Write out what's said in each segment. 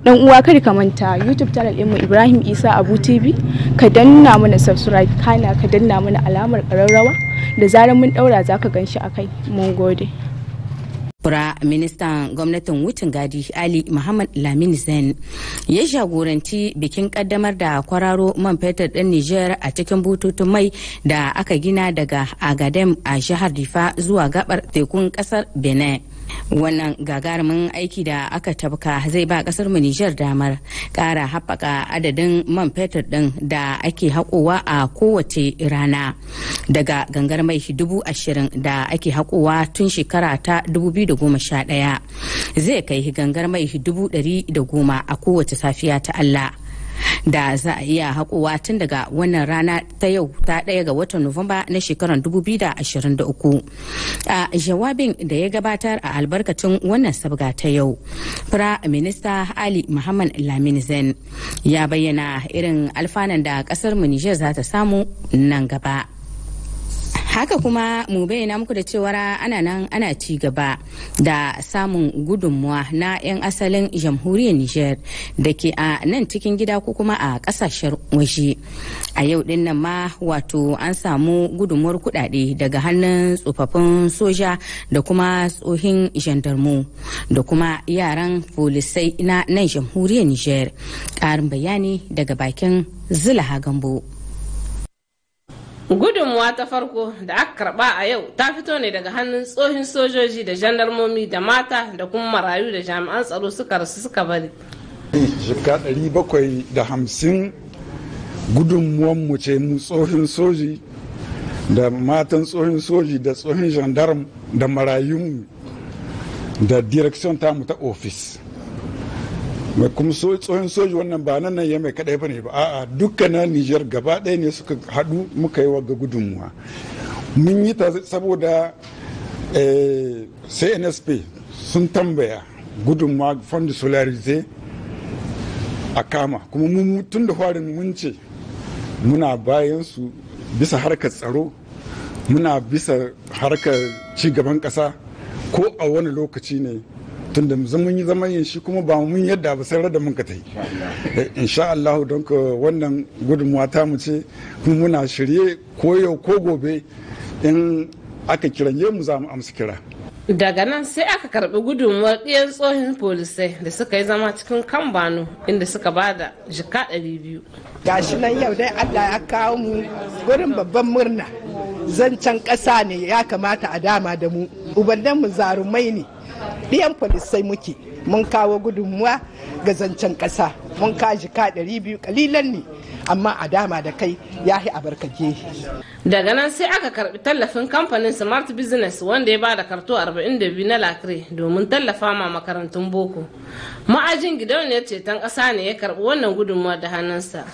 dan uwa kada ka manta youtube channel mu ibrahim isa abu tv ka danna mana subscribe kana ka danna mana alamar kararrawa da zarar mun daura za ka ganshi akai mun gode Fura ministan gwamnatin wucin gadi Ali Muhammad Lamini Zain ya shagoranci bikin kaddamar da kwararo man fetur ɗin Nijar a cikin bututun mai da aka gina daga Agadem a jihar Difa zuwa gabar tekun ƙasar Benin. wannan gagarumin aiki da aka tabka zai ba kasar mu Nijar damar kara haɓaka adadin man fetur din da ake haƙowa a kowace rana daga gangar mai dubu ashirin da ake haƙowa tun shekara ta sha ɗaya zai kai gangar mai dubu ɗari da goma a kowace safiya ta Allah da za a iya haƙowa tun daga wannan rana ta yau ta ɗaya ga watan nuwamba na shekarar 2023 a jawabin da ya gabatar a albarkacin wannan sabga ta yau fira minista ali muhammad lamin zen ya bayyana irin alfanan da ƙasar mu nijar za ta samu nan gaba haka kuma mu bayyana muku da cewa ana nan ana ci gaba da samun gudunmuwa na 'yan asalin jamhuriyar niger da ke a nan cikin gida ko kuma a kasashen waje a yau din nan ma wato an samu gudunmuwar kudade daga hannun tsofaffin soja da kuma tsohin gendarmu da kuma yaran polisai na nan jamhuriyar niger ƙarin bayani daga bakin zulaha gambo gudunmuwa ta farko da aka karba a yau ta fito ne daga hannun tsohin sojoji da jandarmomi da mata da kuma marayu da jami'an tsaro suka rasu suka bari shekka 750 gudunmuwanmu ce mu tsohin soji da matan tsohin soji da tsohin gendarme da marayunmu da direction tamu ta ofis mai kuma tsohon soji wannan ba nan ya mai kadai bane ba a'a dukkanin Nijar gaba ɗaya ne suka haɗu muka yi wa ga gudunmuwa mun yi ta saboda eh, CNSP sun tambaya gudunmuwa fund solarize a kama kuma tun da farin mun ce muna bayan su bisa harkar tsaro muna bisa harkar gaban ƙasa ko a wani lokaci ne tun da mun yi zaman yin shi kuma ba mun yadda ba sai da mun ka ta yi insha Allah don ka wannan gudunmuwa ta mu ce kuma muna shirye ko ko gobe in aka kiranye mu za mu amsa kira daga nan sai aka karbi gudunmuwar ɗiyan tsohon polisai da suka yi zama cikin kambano inda suka ba da jika 200 gashi nan yau dai allah ya kawo mu gurin babban murna zancen ƙasa ne ya kamata a dama da mu ubandan mu zarumai ne ɗiyan polisai muke mun kawo gudunmuwa ga zancen ƙasa mun kaji ka ɗari biyu kalilan ne amma a dama da kai ya yi abarkake daga nan sai aka karbi tallafin kamfanin smart business wanda ya ba da karto 42 na lakre domin tallafa ma makarantun boko ma'ajin gidauniyar ceton ƙasa ne ya karbi wannan gudunmuwa da hannunsa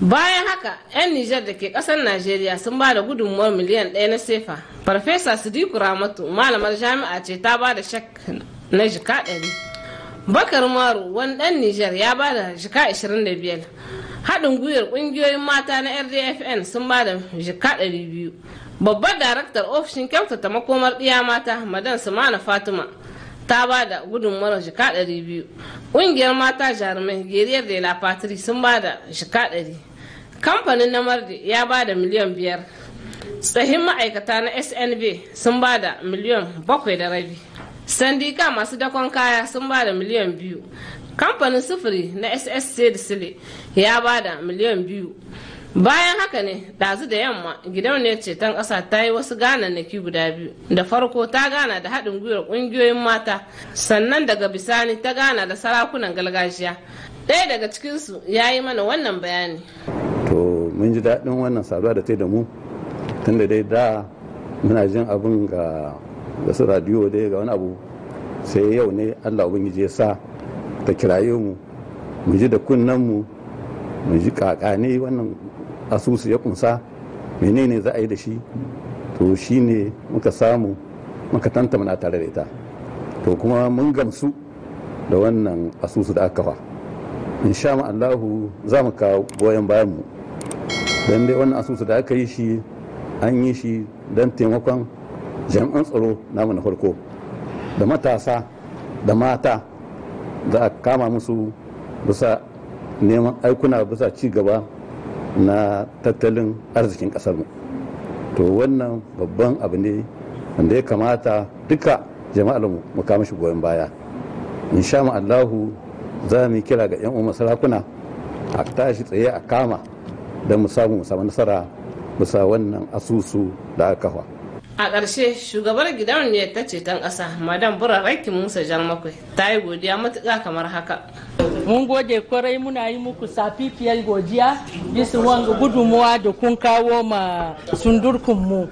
bayan haka 'yan nijar da ke kasar najeriya sun ba da gudunmuwar miliyan ɗaya na sefa farfesa sidiku ramatu malamar jami'a ce ta ba da shak na jika ɗari bakar maru wani ɗan nijar ya ba da jika 25 haɗin gwiwar ƙungiyoyin mata na rdfn sun ba da jika 200 babbar daraktar ofishin kyautata makomar ɗiya mata madan sumana fatima ta ba da gudunmawar jika 200 ƙungiyar mata jarumai geriyar da la patri sun ba da jika 100 kamfanin namar ya ba da miliyan biyar tsahin ma'aikata na snb sun ba da miliyan bakwai da rabi sandika masu dakon kaya sun ba da miliyan biyu kamfanin sufuri na ssc da sile ya ba da miliyan biyu bayan haka ne ɗazu da yamma gidan ne ceton ƙasa ta yi wasu gananaki guda biyu da farko ta gana da haɗin gwiwar ƙungiyoyin mata sannan daga bisani ta gana da sarakunan gargajiya ɗaya daga cikinsu ya yi mana wannan bayani mun ji daɗin wannan saduwa da ta da mu tunda dai da muna jin abin ga wasu radiyo dai ga wani abu sai yau ne allah ubangiji ya sa ta kiraye mu mu ji da kunnen mu mu ji kakane wannan asusu ya kunsa menene za a yi da shi to shi ne muka samu muka muna tare da ita to kuma mun gamsu da wannan asusu da aka kafa in sha ma'allahu za mu kawo goyon bayan mu don dai wannan asusu da aka yi shi an yi shi don taimakon jami'an tsaro namu na farko da matasa da mata za a kama musu bisa neman aikuna bisa ci gaba na tattalin arzikin mu to wannan babban abu ne wanda ya kamata duka jama'ar mu kama shi goyon baya in sha Allahu za mu kira ga 'yan umar sarakuna a tashi tsaye a kama don mu samu samu nasara bisa wannan asusu da aka kafa. a ƙarshe shugabar ne ta ceton ƙasa madam bura raiki musa jan makwai ta yi godiya matuƙa kamar haka mun gode kwarai muna yi muku safifiyar godiya bisa wanga gudunmuwa da kun kawo ma sundurkunmu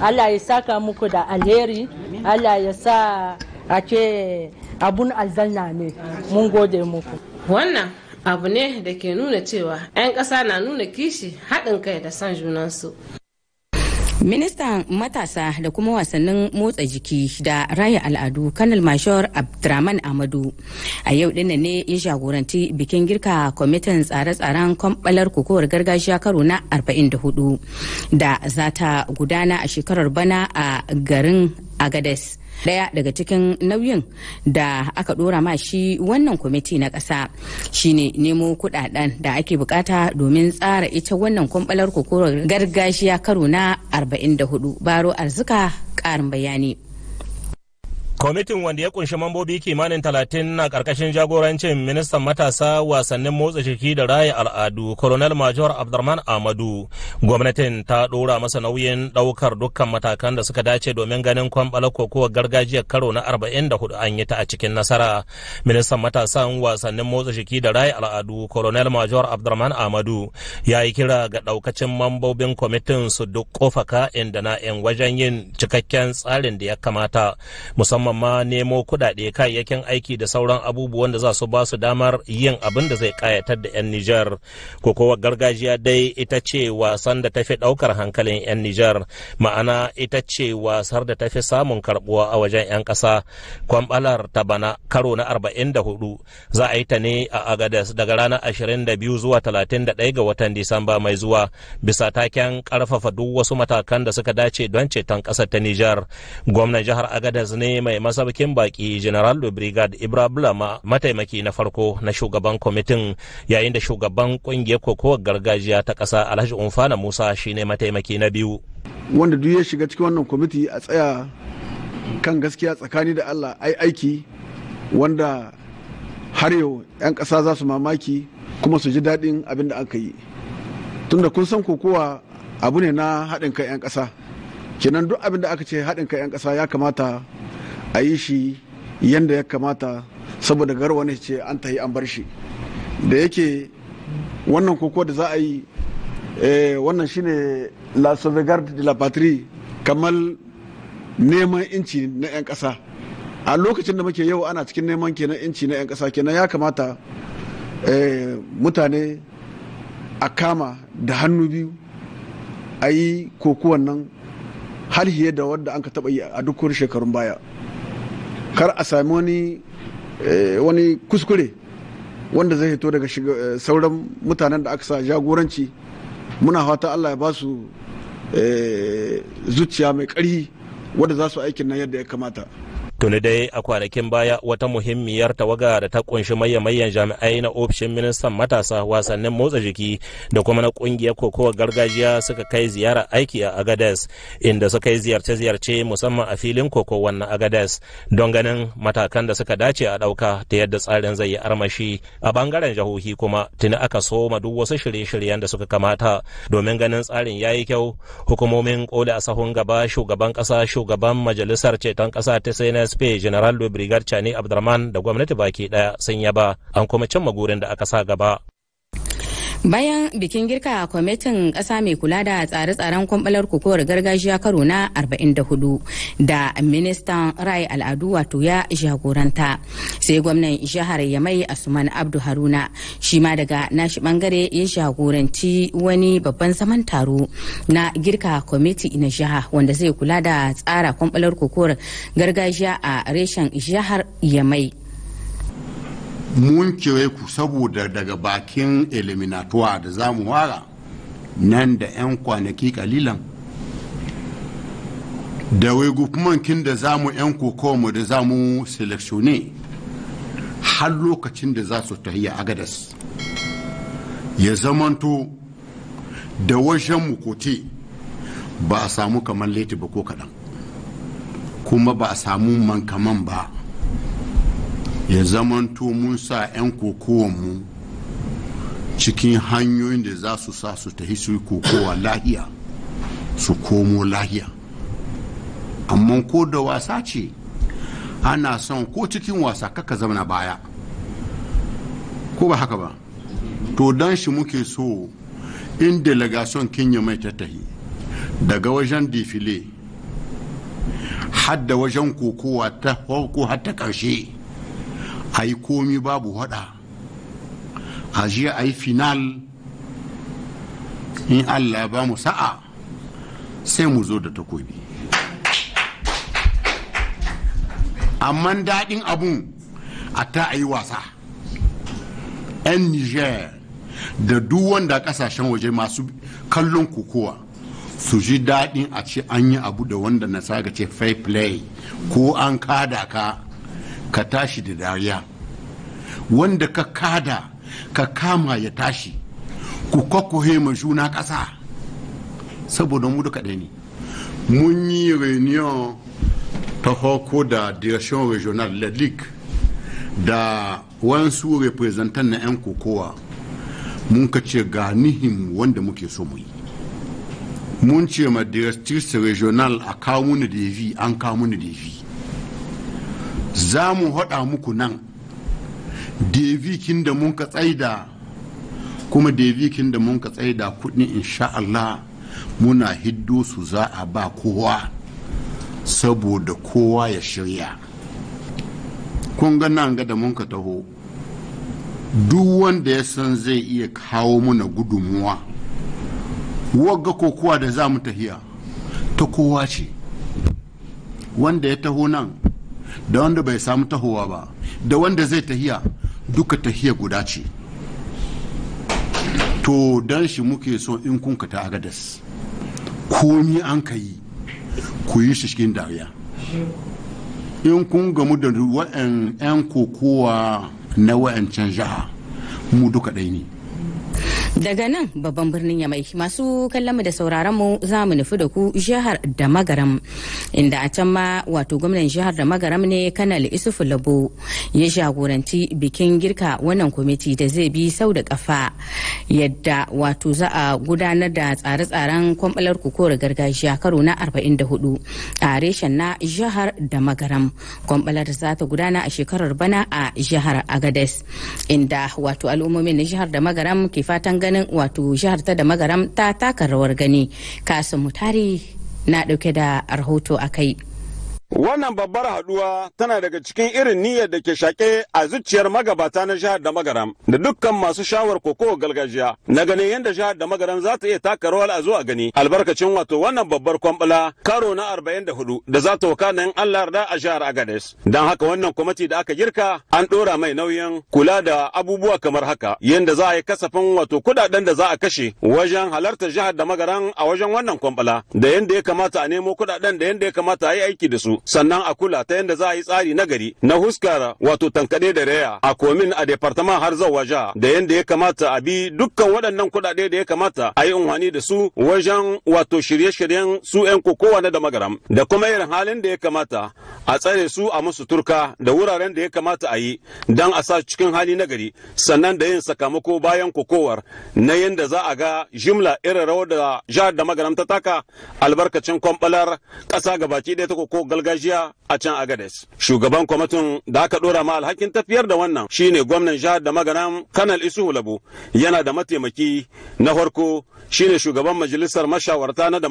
allah ya saka muku da alheri allah ya sa a ce abun alzanna ne mun gode muku wannan abu ne da ke nuna cewa 'yan ƙasa na nuna kishi haɗin kai da san junansu ministan matasa da kuma wasannin motsa jiki da raya al'adu kanal mashor abdraman amadu a yau dinnan ne ya jagoranci bikin girka kwamitin tsare-tsaren kwambalar kokowar gargajiya karo na 44 da za ta gudana a shekarar bana a garin agades daya daga cikin nauyin da aka dora ma shi wannan kwamiti na ƙasa shine nemo kudaden da ake bukata domin tsara ita wannan kwambalar kokoro gargajiya karo na 44 baro arzika ƙarin bayani Kwamitin wanda ya kunshi mambobi kimanin talatin na ƙarƙashin jagorancin ministan matasa wasannin motsa jiki da raya al'adu Colonel Major Abdurrahman Ahmadu. Gwamnatin ta ɗora masa nauyin ɗaukar dukkan matakan da suka dace domin ganin kwamɓala kokowar gargajiyar karo na arba'in da hudu an yi ta a cikin nasara. Ministan matasan wasannin motsa jiki da raya al'adu Colonel Major Abdurrahman Ahmadu ya yi kira ga ɗaukacin mambobin kwamitin su duk kofa ka'in da na'in wajen yin cikakken tsarin da ya kamata musamman musamman ma nemo kuɗaɗe kayayyakin aiki da sauran abubuwan da za su ba su damar yin abin da zai kayatar da 'yan Nijar. kowa gargajiya dai ita ce wasan da tafi ɗaukar hankalin 'yan Nijar, ma'ana ita ce wasar da tafi samun karbuwa a wajen 'yan ƙasa. kwambalar ta bana karo na 44 za a yi ta ne a Agadez daga ranar 22 zuwa 31 ga watan Disamba mai zuwa bisa taken karfafa duk wasu matakan da suka dace don ceton kasar ta Nijar. Gwamnan jihar Agadez ne mai masaukin baki general brigade ibra bulama mataimaki na farko na shugaban kwamitin yayin da shugaban kungiyar kokowar gargajiya ta kasa alhaji umfana musa shine mataimaki na biyu wanda duk ya shiga cikin wannan kwamiti a tsaya kan gaskiya tsakani da allah ai aiki wanda har yau 'yan kasa za su mamaki kuma su ji daɗin abin da aka yi tunda kun san kokowa abu ne na haɗin kai 'yan ƙasa kenan duk abin da aka ce haɗin kai 'yan ƙasa ya kamata a yi shi yadda ya kamata saboda garwa ne ce an tahi an bar shi da yake wannan koko da za a yi eh, wannan shine la sauvegarde de la patrie kamar neman inci na 'yan ƙasa a lokacin da muke yau ana cikin neman kenan inci na 'yan kasa kenan ya kamata eh, mutane a kama da hannu biyu a yi kokuwan nan har da wadda an ka taɓa yi a dukkan shekarun baya kar a sami wani eh, wani kuskure wanda zai hito daga eh, sauran mutanen da aka sa jagoranci muna fata allah ya ba su eh, zuciya mai ƙarhi wadda za su aikin nan yadda ya kamata Tuni dai a kwanakin baya wata muhimmiyar tawaga da ta kunshi mayan jami'ai na ofishin ministan matasa wasannin motsa jiki da kuma na kungiyar kokowar gargajiya suka kai ziyara aiki a Agades inda suka yi ziyarce-ziyarce musamman a filin kokowar na Agades don ganin matakan da suka dace a ɗauka ta yadda tsarin zai yi armashi a bangaren jahohi kuma tuni aka soma duk wasu shirye-shiryen da suka kamata domin ganin tsarin ya yi kyau hukumomin koli a sahun gaba shugaban kasa shugaban majalisar ceton kasa ta dsp general do chani abdurrahman da gwamnati baki daya sun ba an kuma cimma gurin da aka sa gaba Bayan bikin girka kwamitin ƙasa mai kula da tsare-tsaren kwamɓalar kokowar gargajiya karo na 44 da ministan rai al'adu wato ya jagoranta sai gwamnan jihar Yamai Asuman Abdu Haruna shi ma daga nashi bangare ya jagoranci wani babban zaman taro na girka kwamiti na jiha wanda zai kula da tsara kwamɓalar kokowar gargajiya a reshen jihar Yamai. mun kire ku saboda daga bakin eliminatuwa da za mu wara nan da 'yan kwanaki kalilan da wai gufumankin da za mu 'yan mu da za mu selekshone har lokacin da za su tahiya agadas ya zamanto da wajen kote ba a samu kamar laiti ba ko kadan kuma ba a samu mankaman ba ya zamanto mun sa 'yan kokowanmu cikin hanyoyin da za su sa su tafi su yi kokowa lahiya su komo lahiya amma ko da wasa ce ana son ko cikin wasa kaka zamana baya ko ba haka ba to don shi muke so in delegation kenya mai ta tahi daga wajen defile hadda wajen kokowa ta farko har ta ƙarshe a yi komi babu hada a jiya a yi final in allah ba mu sa'a sai mu zo da takobi amma daɗin abun a ta a yi wasa 'yan niger da duk wanda kasashen waje masu kallon kokowa su ji daɗin a ce an yi abu da wanda na ga ce fair play ko an kada ka ka tashi da dariya wanda ka kada ka kama ya tashi ku kwakwahe ma juna ƙasa saboda mu duka ɗaya ne mun yi reunion ta hoko da direction regional la Ligue da wansu representant na 'yan kokowa mun ka ce ga nihin wanda muke so mu yi mun ce ma directrice regional a kawo muni da an kawo muni da za mu haɗa muku nan devikin da mun ka tsaida kuma devikin da mun ka tsaida kuɗi insha Allah muna hiddo su za a ba kowa saboda kowa ya shirya kun ga nan ga da mun ka taho duk wanda ya san zai iya kawo muna gudunmuwa wagga kokowa da za mu tahiya ta kowa ce wanda ya taho nan da wanda bai samu tahowa ba da wanda zai tahiya duka tahiya guda ce to dan shi muke so in kun ka ta agadas komi an ka yi ku yi shi cikin dariya in kun gamu da wa'yan 'yan kokowa na wa'yancan jiha mu duka ɗai ne Daga nan babban birnin Yamai masu kallon mu da sauraron mu za mu nufi da ku jihar da magaram inda a can ma wato gwamnan jihar da magaram ne kanal isufu labo ya jagoranci bikin girka wannan kwamiti da zai bi sau da kafa yadda wato za a gudanar da tsare-tsaren kwamfalar kukuwar gargajiya karo na 44 a reshen na jihar da magaram kwamfalar za ta gudana a shekarar bana a jihar agades inda wato al'ummomin na jihar da magaram ke fatan ganin wato jihar ta da magaram ta taka rawar gani kasu mutari na dauke da rahoto a kai Wannan babbar haduwa tana daga cikin irin niyyar da ke shaƙe a zuciyar magabata na jihar da magaram da dukkan masu shawar koko galgajiya. na ganin yadda jihar da magaram za ta iya taka rawar a zuwa gani albarkacin wato wannan babbar kwambala karo na arba'in da hudu, za ta wakana yin Allah da a jihar Agades. Don haka wannan kwamiti da aka girka an ɗora mai nauyin kula da abubuwa kamar haka yadda za a yi kasafin wato kuɗaɗen da za a kashe wajen halartar jihar da magaram a wajen wannan kwambala da yadda ya kamata a nemo kuɗaɗen da yadda ya kamata a yi aiki da su. sannan a kula ta yadda za a yi tsari na gari na huskar wato tankade da raya a komin a departaman har zawa jiha da yadda ya kamata a bi dukkan waɗannan kuɗaɗe da ya kamata a yi unhwani da su wajen wato shirye-shiryen su 'yan kokowa na da magaram da kuma irin halin da ya kamata a tsare su a musu turka da wuraren da ya kamata a yi don a sa cikin hali na gari sannan da yin sakamako bayan kokowar na yadda za a ga jimla irin rawar da jihar da magaram ta taka albarkacin kwamɓalar ƙasa gabaki ɗaya ta koko galgal gargajiya a can Agades. Shugaban kwamitin da aka dora ma alhakin tafiyar da wannan shine gwamnan jihar da maganan Kanal Isuhu Labo yana da mataimaki na farko shine shugaban majalisar mashawarta na da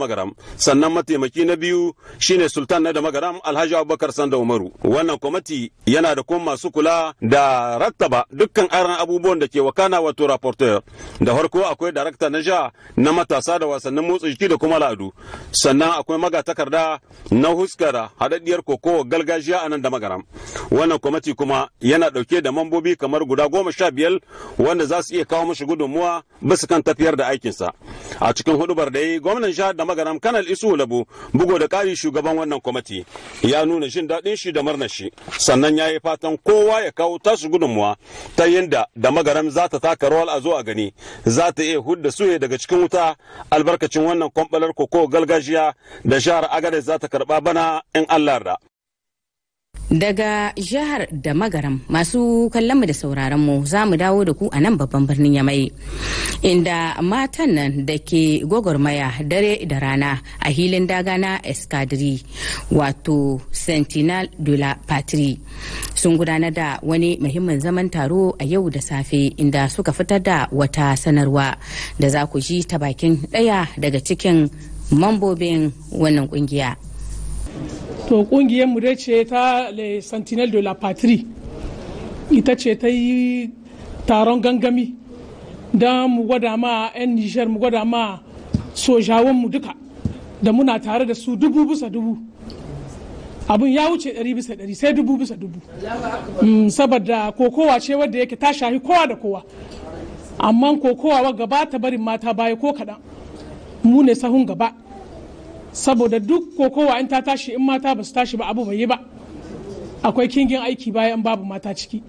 sannan mataimaki na biyu shine sultan na da Alhaji Abubakar Sanda Umaru. Wannan kwamiti yana da kuma masu kula da rattaba dukkan aran abubuwan da ke wakana wato rapporteur. Da farko akwai darakta na jiha na matasa da wasannin motsa jiki da kuma al'adu sannan akwai magatakarda na huskara haɗaɗɗiyar kokowar gargajiya a nan da magaram wannan kwamiti kuma yana ɗauke da mambobi kamar guda goma sha biyar wanda za su iya kawo mashi gudunmuwa bisa kan tafiyar da aikinsa a cikin hudubar da ya yi gwamnan jihar da magaram kanal isu labu bugu da ƙari shugaban wannan kwamiti ya nuna jin daɗin shi da murnar shi sannan ya yi fatan kowa ya kawo tasu gudunmuwa ta yadda da magaram za ta taka rawar a zo a gani za ta iya hudda suye daga cikin wuta albarkacin wannan kwamɓalar kokowa gargajiya da jihar agadez za ta karɓa bana in Allahra. Daga jihar da magaram masu kallonmu da sauraronmu za mu dawo da ku a nan babban birnin Yamai inda matan nan da ke gwagwarmaya dare da rana a hilin daga na escadri wato sentinel de la patrie sun gudanar da wani muhimmin zaman taro a yau da safe inda suka fitar da wata sanarwa da za ku ji ta bakin daya daga cikin mambobin wannan kungiya. to kungiyar mu ce ta le sentinel de la patrie ita ce ta yi taron gangami don mu gwada ma 'yan nishar mu gwada ma sojawan mu duka da muna tare da su dubu bisa dubu abin ya wuce ɗari bisa ɗari sai dubu bisa dubu mm, saboda kokowa ce wadda yake ta shahi kowa da kowa amma kokowa gaba ta barin mata baya ko kaɗan mu ne sahun gaba saboda duk kokowa in ta tashi in mata ba su tashi ba abu bai yi ba akwai kingin aiki bayan babu mata ciki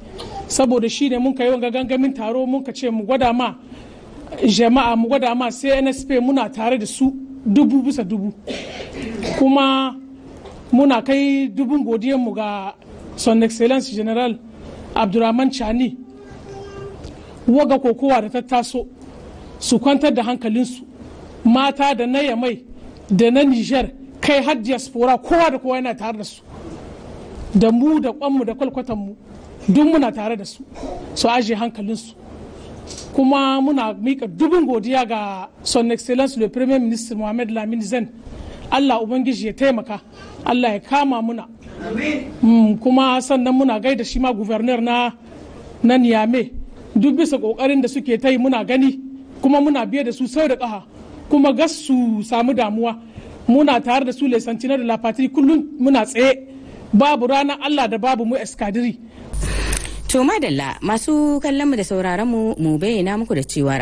saboda shi ne mun yi wanga gangamin taro mun ka ce mu gwada ma jama'a mu gwada ma cnsp muna tare da su dubu bisa dubu kuma muna kai dubun mu ga son excellence general abdurrahman chani waga kokowa da ta taso su kwantar da hankalinsu mata da na mai da na nijar kai har diaspora kowa da kowa yana tare da su da mu da kwanmu da kwalkwatanmu duk muna tare da su su aje hankalinsu kuma muna mika dubin godiya ga son excellence le premier ministre mohamed lamine zen allah ubangiji ya taimaka allah ya kama muna mm, kuma sannan muna gaida shi ma guvernar na na duk bisa kokarin da suke ta yi muna gani kuma muna biye da su sau da kaha. kuma gas su samu damuwa muna tare da su na da lafati kullum muna tsaye babu ranar allah da babu mu eskadiri To madalla masu kallon mu da sauraron mu mu bayyana muku da cewa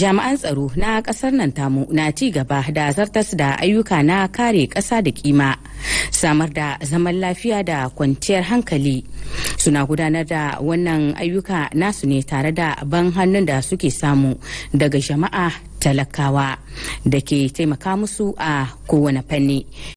jami'an tsaro na kasar nan tamu na ci gaba da zartas da ayyuka na kare kasa da kima samar da zaman lafiya da kwanciyar hankali suna gudanar da wannan ayyuka nasu ne tare da ban hannun da suke samu daga jama'a talakawa da ke taimaka musu a kowane fanni.